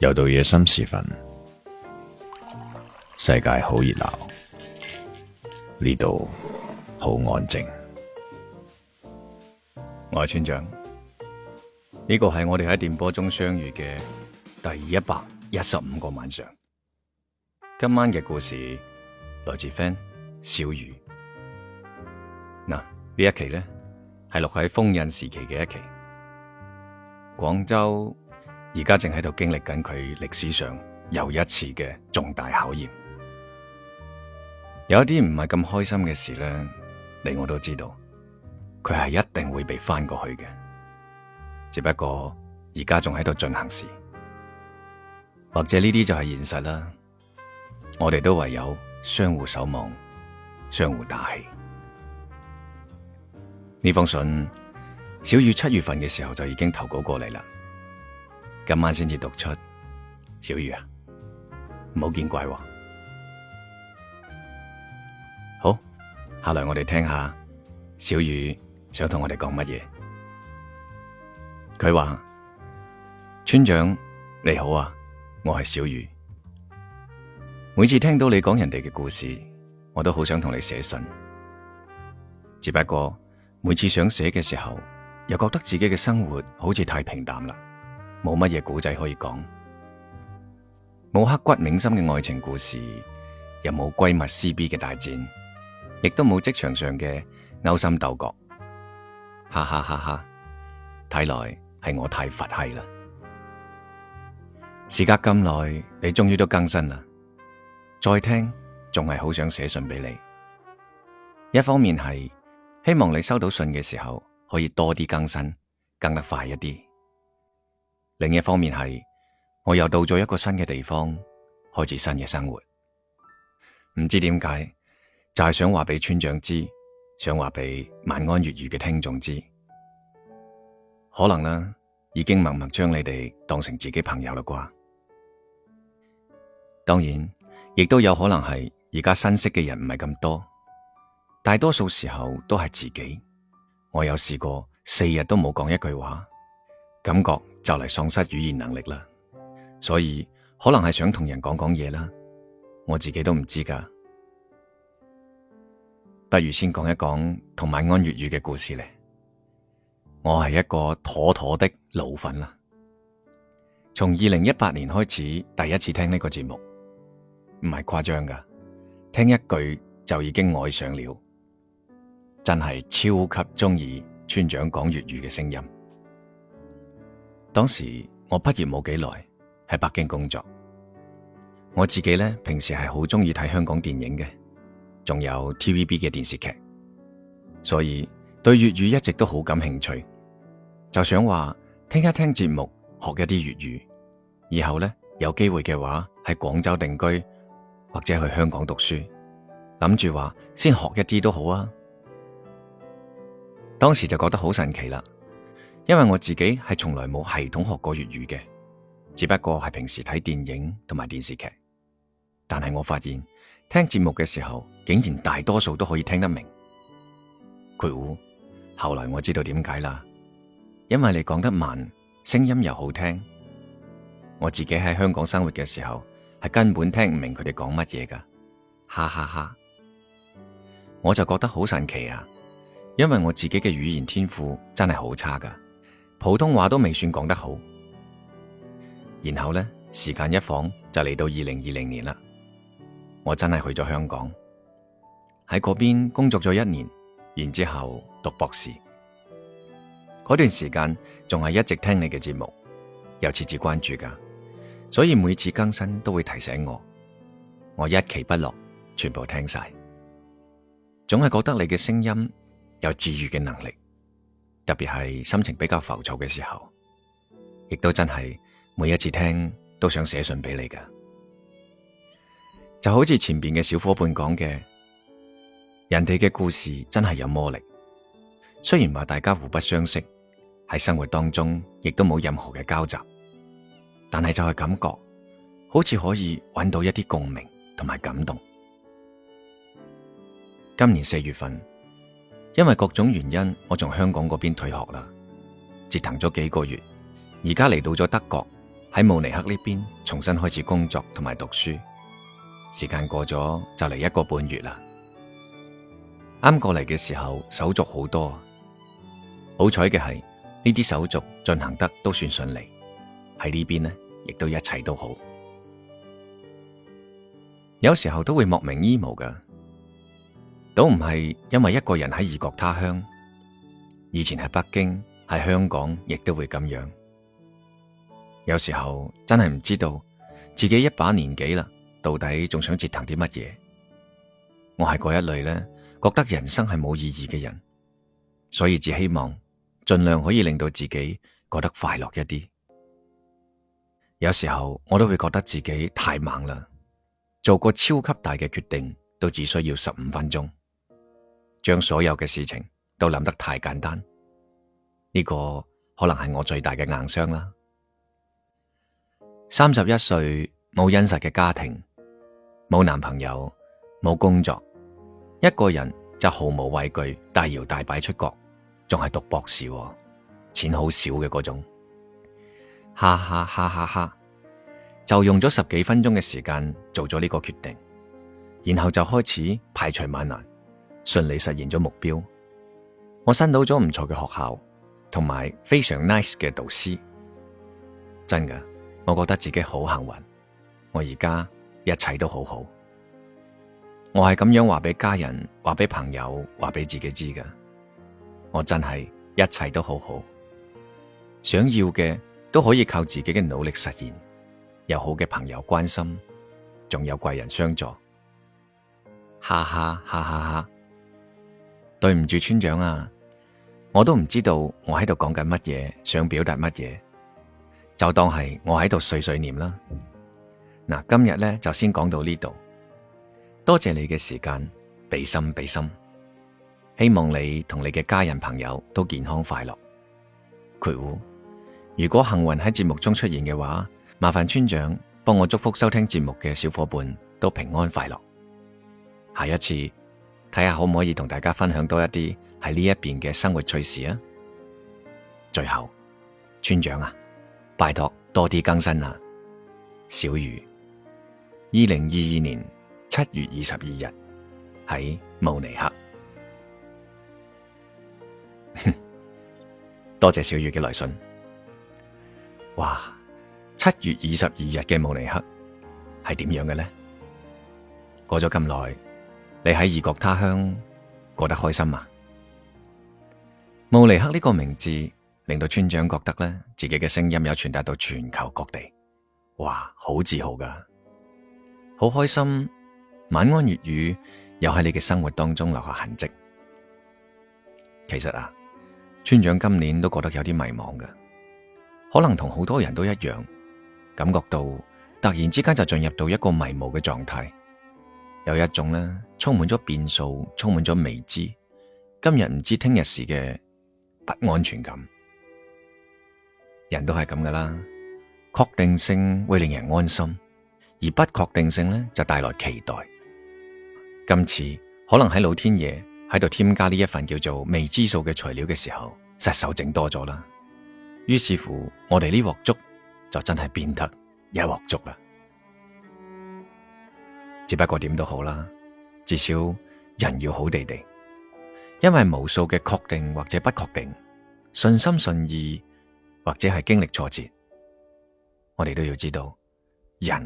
又到夜深時分，世界好熱鬧，呢度好安靜。我係村長，呢個係我哋喺電波中相遇嘅第一百一十五個晚上。今晚嘅故事來自 FAN 小宇。嗱，呢一期咧係錄喺封印時期嘅一期，廣州，而家正喺度經歷緊佢歷史上又一次嘅重大考驗，有一啲唔係咁開心嘅事咧，你我都知道，佢係一定會被翻過去嘅，只不過而家仲喺度進行時，或者呢啲就係現實啦。我哋都唯有相互守望，相互打氣。呢封信，小宇七月份嘅時候就已經投稿過嚟啦。今晚先至讀出小宇啊，唔好見怪啊。好，下嚟我哋聽下小宇想同我哋講乜嘢。佢話：村長你好啊，我係小宇。每次聽到你講人哋嘅故事，我都好想同你寫信。只不過每次想寫嘅時候，又覺得自己嘅生活好似太平淡啦。冇乜嘢古仔可以講，冇刻骨銘心嘅愛情故事，又冇閨蜜撕逼嘅大戰，亦都冇職場上嘅勾心鬥角，哈哈哈哈，睇來係我太佛系啦。事隔咁耐，你終於都更新啦，再聽仲係好想寫信俾你。一方面係希望你收到信嘅時候可以多啲更新，更得快一啲。另一方面係，我又到咗一個新嘅地方，開始新嘅生活。唔知點解，就係想話俾村長知，想話俾晚安粵語嘅聽眾知，可能啦，已經默默將你哋當成自己朋友啦啩。當然，亦都有可能係而家新識嘅人唔係咁多，大多數時候都係自己。我有試過四日都冇講一句話。感覺就嚟喪失語言能力啦，所以可能係想同人講講嘢啦，我自己都唔知噶。不如先講一講同晚安粵語嘅故事咧。我係一個妥妥的老粉啦，從二零一八年開始第一次聽呢個節目，唔係誇張噶，聽一句就已經愛上了，真係超級鍾意村長講粵語嘅聲音。當時我畢業冇幾耐喺北京工作，我自己咧平時係好中意睇香港電影嘅，仲有 TVB 嘅電視劇，所以對粵語一直都好感興趣，就想話聽一聽節目，學一啲粵語，以後咧有機會嘅話喺廣州定居或者去香港讀書，諗住話先學一啲都好啊。當時就覺得好神奇啦。因為我自己係從來冇系統學過粵語嘅，只不過係平時睇電影同埋電視劇。但係我發現聽節目嘅時候，竟然大多數都可以聽得明。佢，後來我知道點解啦，因為你講得慢，聲音又好聽。我自己喺香港生活嘅時候，係根本聽唔明佢哋講乜嘢㗎，哈哈哈哈。我就覺得好神奇啊，因為我自己嘅語言天賦真係好差㗎。普通話都未算講得好，然後呢，時間一晃就嚟到二零二零年啦。我真係去咗香港喺嗰邊工作咗一年，然之後讀博士。嗰段時間仲係一直聽你嘅節目，又次次關注噶，所以每次更新都會提醒我，我一期不落，全部聽晒，總係覺得你嘅聲音有治愈嘅能力。特別係心情比較浮躁嘅時候，亦都真係每一次聽都想寫信俾你㗎，就好似前邊嘅小夥伴講嘅，人哋嘅故事真係有魔力。雖然話大家互不相識，喺生活當中亦都冇任何嘅交集，但係就係感覺好似可以揾到一啲共鳴同埋感動。今年四月份。因為各種原因，我從香港嗰邊退學啦，折騰咗幾個月，而家嚟到咗德國，喺慕尼黑呢邊重新開始工作同埋讀書。時間過咗就嚟一個半月啦。啱過嚟嘅時候手續好多，好彩嘅係呢啲手續進行得都算順利。喺呢邊呢，亦都一切都好。有時候都會莫名 emo 噶。都唔係因為一個人喺異國他鄉，以前喺北京，喺香港，亦都會咁樣。有時候真係唔知道自己一把年紀啦，到底仲想折騰啲乜嘢？我係嗰一類呢覺得人生係冇意義嘅人，所以只希望盡量可以令到自己過得快樂一啲。有時候我都會覺得自己太猛啦，做個超級大嘅決定都只需要十五分鐘。將所有嘅事情都諗得太簡單，呢個可能係我最大嘅硬傷啦。三十一歲，冇殷實嘅家庭，冇男朋友，冇工作，一個人就毫無畏懼，大搖大擺出國，仲係讀博士，錢好少嘅嗰種，哈哈哈哈哈，就用咗十幾分鐘嘅時間做咗呢個決定，然後就開始排除萬難。順利實現咗目標，我申到咗唔錯嘅學校，同埋非常 nice 嘅導師。真㗎，我覺得自己好幸運。我而家一切都好好，我係咁樣話俾家人、話俾朋友、話俾自己知㗎。我真係一切都好好，想要嘅都可以靠自己嘅努力實現，有好嘅朋友關心，仲有貴人相助，哈哈哈哈哈！對唔住村長啊，我都唔知道我喺度講緊乜嘢，想表達乜嘢，就當係我喺度碎碎念啦。嗱，今日咧就先講到呢度，多謝你嘅時間，比心比心，希望你同你嘅家人朋友都健康快樂。括弧，如果幸運喺節目中出現嘅話，麻煩村長幫我祝福收聽節目嘅小伙伴都平安快樂。下一次。睇下可唔可以同大家分享多一啲喺呢一邊嘅生活趣事啊！最後，村長啊，拜託多啲更新啊！小宇，二零二二年七月二十二日喺慕尼黑。哼， 多謝小宇嘅來信。哇，七月二十二日嘅慕尼黑，係點樣嘅呢？過咗咁耐。你喺異國他鄉過得開心啊？慕尼克呢個名字令到村長覺得咧，自己嘅聲音有傳達到全球各地，哇，好自豪噶，好開心。晚安粵語又喺你嘅生活當中留下痕跡。其實啊，村長今年都覺得有啲迷茫嘅，可能同好多人都一樣，感覺到突然之間就進入到一個迷霧嘅狀態，有一種呢。充滿咗變數，充滿咗未知，今日唔知聽日事嘅不安全感，人都係咁噶啦。確定性會令人安心，而不確定性呢，就帶來期待。今次可能喺老天爺喺度添加呢一份叫做未知數嘅材料嘅時候，失手整多咗啦。於是乎，我哋呢鑊粥就真係變得一鑊粥啦。只不過點都好啦。至少人要好地地，因為無數嘅確定或者不確定、順心順意或者係經歷挫折，我哋都要知道，人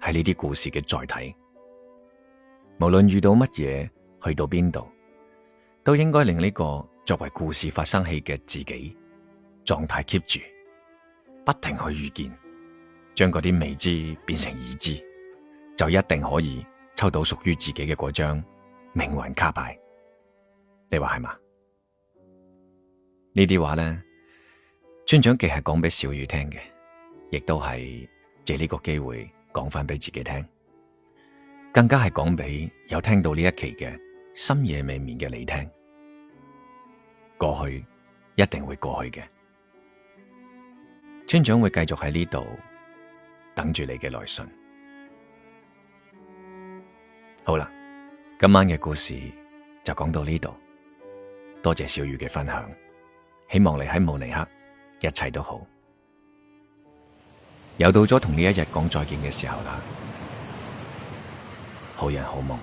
係呢啲故事嘅載體。無論遇到乜嘢，去到邊度，都應該令呢個作為故事發生器嘅自己狀態 keep 住，不停去遇見，將嗰啲未知變成已知，就一定可以，抽到屬於自己嘅嗰張命運卡牌，你話係嘛？呢啲話呢，村長既係講俾小宇聽嘅，亦都係借呢個機會講翻俾自己聽，更加係講俾有聽到呢一期嘅深夜未眠嘅你聽。過去一定會過去嘅，村長會繼續喺呢度等住你嘅來信。好啦，今晚嘅故事就講到呢度，多謝小宇嘅分享，希望你喺慕尼黑一切都好，又到咗同呢一日講再見嘅時候啦，好人好夢。